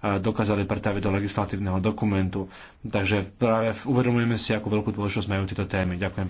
dokázali pretaviť do legislatívneho dokumentu. Takže práve uvedomujeme si, ako veľkú dôležitosť majú tieto témy. Ďakujem.